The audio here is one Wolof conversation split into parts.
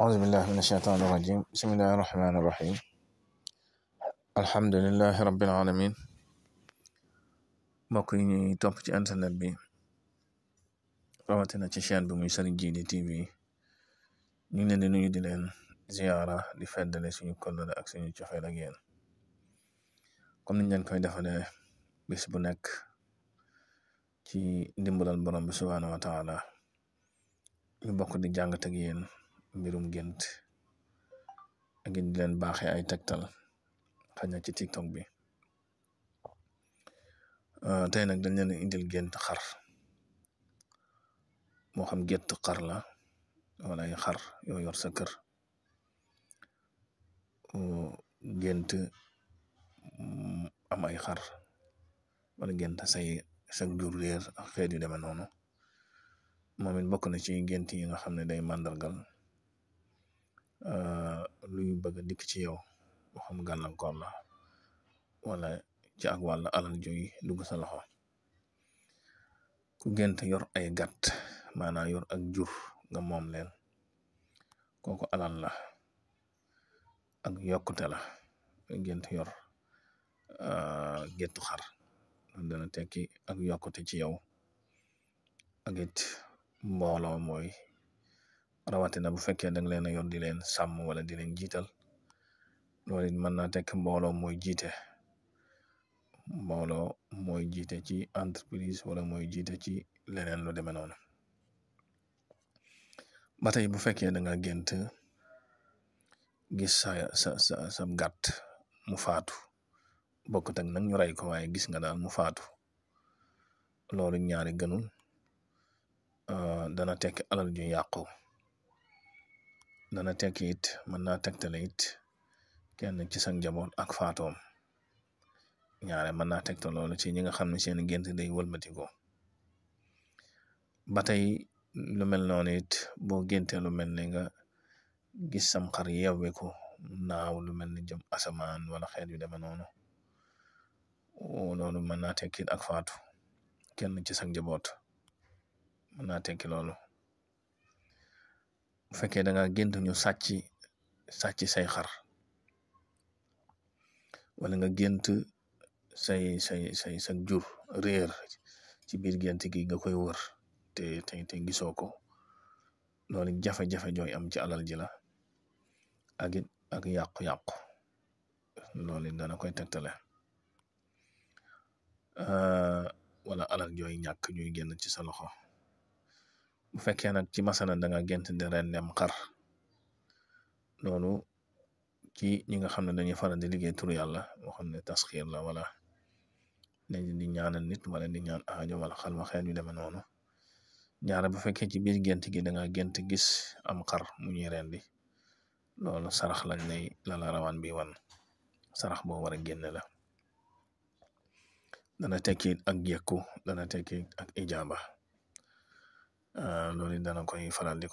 أعوذ بالله من الشيطان الرجيم بسم الله الرحمن الرحيم الحمد لله رب العالمين mbokk yi ñuy topp ci internet bi rawatina ci chaîne bi muy Serigne Djily TV ñu ngi leen di nuyu di leen ziyaara di feddale suñu kollëre ak suñu cofeel ak yéen comme niñ leen koy defalee bis bu nekk ci ndimbalal borom bi subhaanahu wa taala ñu bokk di jàngat ak yéen mbirum gént ak it di leen baaxee ay tegtal xaj na ci tiktok bi euh, tey nag dañ leen indil gént xar moo xam gétt xar la wala ay xar yoo yor sa kër euh, gént am ay xar wala gént say sag jur réer ak xeet yu demee noonu moom bokk na ci gént yi nga xam ne day màndargal lu bëgg a dikk ci yow moo xam gàllankoor la wala ci ak wàll alal juy dugg sa loxo ku gént yor ay gat maanaam yor ak jur nga moom leen kooku alan la ak yokkute la gént yor géttu xar dana tekki ak yokkute ci yow ak it mbooloo mooy rawatina bu fekkee dang leen a yor di leen sàmm wala di leen jiital loolu it mën naa tekk mbooloo mooy jiite mbooloo mooy jiite ci entreprise wala mooy jiite ci leneen lu demee noonu ba tey bu fekkee da nga gént gis sa sa sa sa gàtt mu faatu bokk ak nag ñu rey ko waaye gis nga daal mu faatu loolu ñaari gënul ah, dana tekk alal ju yàqu dana tekki it mën naa tegtale it kenn ci sa njaboot ak faatoom ñaare mën naa tegtal loolu ci ñi nga xam ne seen gént day wëlbatiku ba tey lu mel noonu it boo génte lu mel ni nga gis sam xar naaw lu mel ni jëm asamaan wala xeet yu demee noonu loolu mën naa tekki ak faatu kenn ci sa njaboot mën naa tekki loolu bu fekkee da gént ñu sàcc sàcc say xar wala nga gént say say say sa jur réer ci biir gent gi nga koy wër te te te gisoo ko loolu jafe-jafe jooy am ci alal ji la ak it ak yàqu-yàqu loolu it dana koy tegtale wala alal jooy ñàkk ñuy génn ci sa loxo bu fekkee nag ci masalan da nga gént di rendem xar loolu ci ñi nga xam ne dañuy faral di liggéey turu yàlla moo xam ne tasxiir la wala dañ di nit wala di ñaan aajo wala xalma xeet yu demee noonu ñaare bu fekkee ci biir gént gi danga nga gént gis am xar mu ñuy rendi loolu sarax lañ lay la la bi wan sarax boo war a génne la dana tekki ak yekku dana tekki ak ijaaba Euh, loolu it dana koy faral di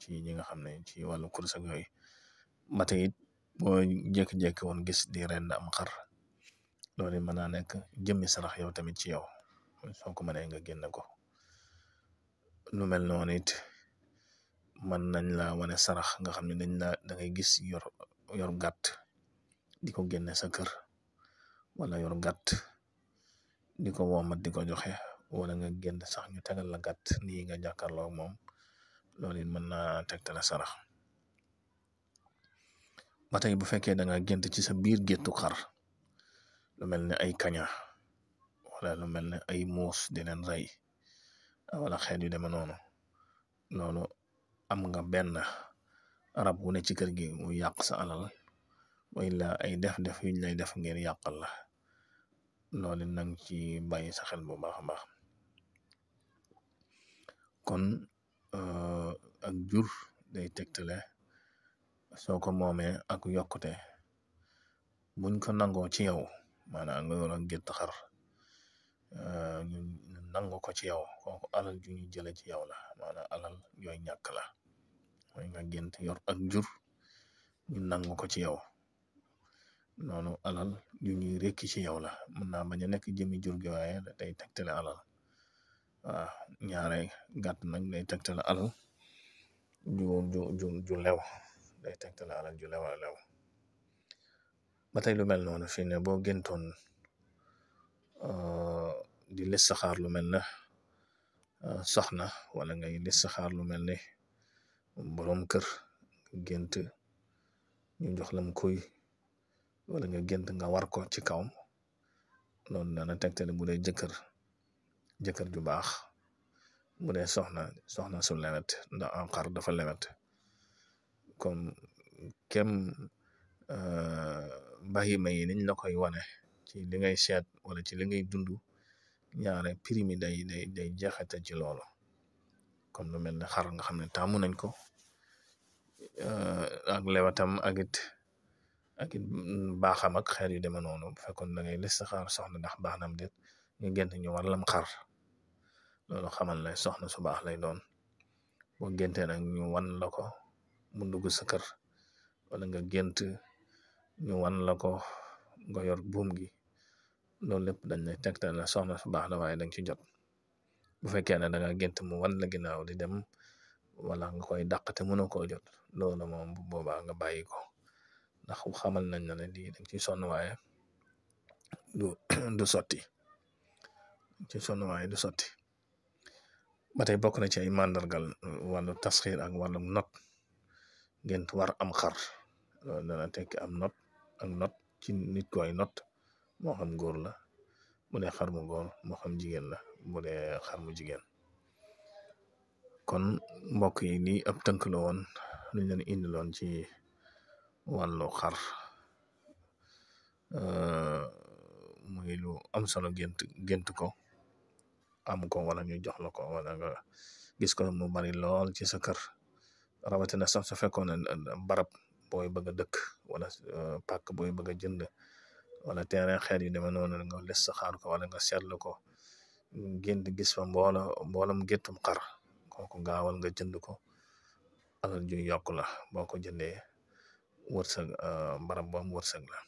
ci ñi nga xam ne ci wàllu course ak yooyu ba tey it boo jékki-jékki woon gis di ren am xar loolu mën naa nekk jëmmi sarax yow tamit ci yow soo ko mënee nga génn ko lu mel noonu it mën nañ la wane sarax nga xam ne dañ la da gis yor yor gàtt di ko génne sa kër wala yor gàtt di ko mat di ko joxe wala nga gént sax ñu tegal la gàtt nii nga jàkkaarloo moom loolu it mën naa tegtale sarax ba tey bu fekkee da nga gént ci sa biir géttu xar lu mel ne ay kaña wala lu mel ne ay muus di leen rey wala xeet yi demee noonu loolu am nga benn rab wu ne ci kër gi mu yàq sa alal wala ay def-def yuñ lay def ngeen yàqal la loolu nang ci bàyyi sa xel bu baax a baax. kon euh, ak jur day tegtale soo ko moomee ak yokkute buñ ko nangoo ci yow maanaam nga yor ak gétt xar euh, ñu ko ci yow kooku alal ju ñu jële ci yow la maanaam alal yooy ñàkk la mooy nga gént yor ak jur ñu nangu ko ci yow noonu alal ju ñuy rekki ci yow la mën naa bañ nekk jëmi jur gi waaye day tegtale alal waaw ah, ñaare gàtt nag day tegtale alal ju ju ju ju lew day tegtale alal ju lew lew ba tey lu mel noonu fii ne boo géntoon ah, di listixaar lu mel ne ah, soxna wala ngay listixaar lu mel ne boroom kër gént ñu jox lam koy wala nga gént nga war ko ci kawam loolu dana tegtale bu dee jëkkër jëkkër ju baax bu ne soxna soxna su lewet ndax am xar dafa lewet comme kem euh, bahima yi niñ la koy wane ci li ngay seet wala ci li ngay dundu ñaare prix mi day day day jeexate ci loolu comme lu mel ne xar nga xam ne taamu nañ ko euh, ak lewatam ak it ak baax mm, baaxam ak xeer yu demee noonu bu fekkoon da ngay listixaar soxna ndax baax na am déet nga gént ñu war lam xar loolu xamal ne soxna su baax lay doon boo géntee nag ñu wan la ko mu dugg sa kër wala nga gént ñu wan la ko nga yor buum gi loolu lépp dañ ne tegtal ne soxna su baax la waaye danga ci jot bu fekkee ne da nga gént mu wan la ginnaaw di dem wala nga koy dàq te mënoo koo jot loolu moom bu boobaa nga bàyyi ko ndax xamal nañ na lii danga ci sonn waaye du du ci sonn yi du sotti ba tey bokk na ci ay màndargal wàllu tasxiir ak wàllum not ngeen war am xar loolu dana tekki am not ak not ci nit koy not moo xam góor la bu dee xar mu góor moo xam jigéen la bu dee xar mu jigéen kon mbokk yi lii ab tënk la woon luñ leen indiloon ci wàllu xar muy lu am solo gént gént ko am ko wala ñu jox la ko wala nga gis ko mu bari lool ci sa kër rawatina sax su fekkoon barab booy bëgg a dëkk wala euh, pàkk booy bëgg a jënd wala terrain xeet yu demee noonu nga les sa ko wala nga seetlu ko gént gis fa mboola mboolam géttum xar kooku gaawal nga jënd ko alal ju yokk la boo ko jëndee wërsëg euh, barab bu am la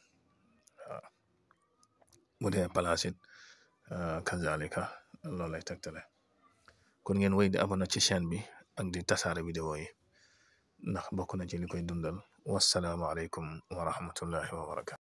waaw bu dee palaas euh, kazalika loolu lay tegtale kon ngeen wéy di abonné ci chaîne bi ak di tasaare vidéo yi ndax bokk na ci li koy dundal wasalaamaaleykum wa rahmatullahi wa barakatu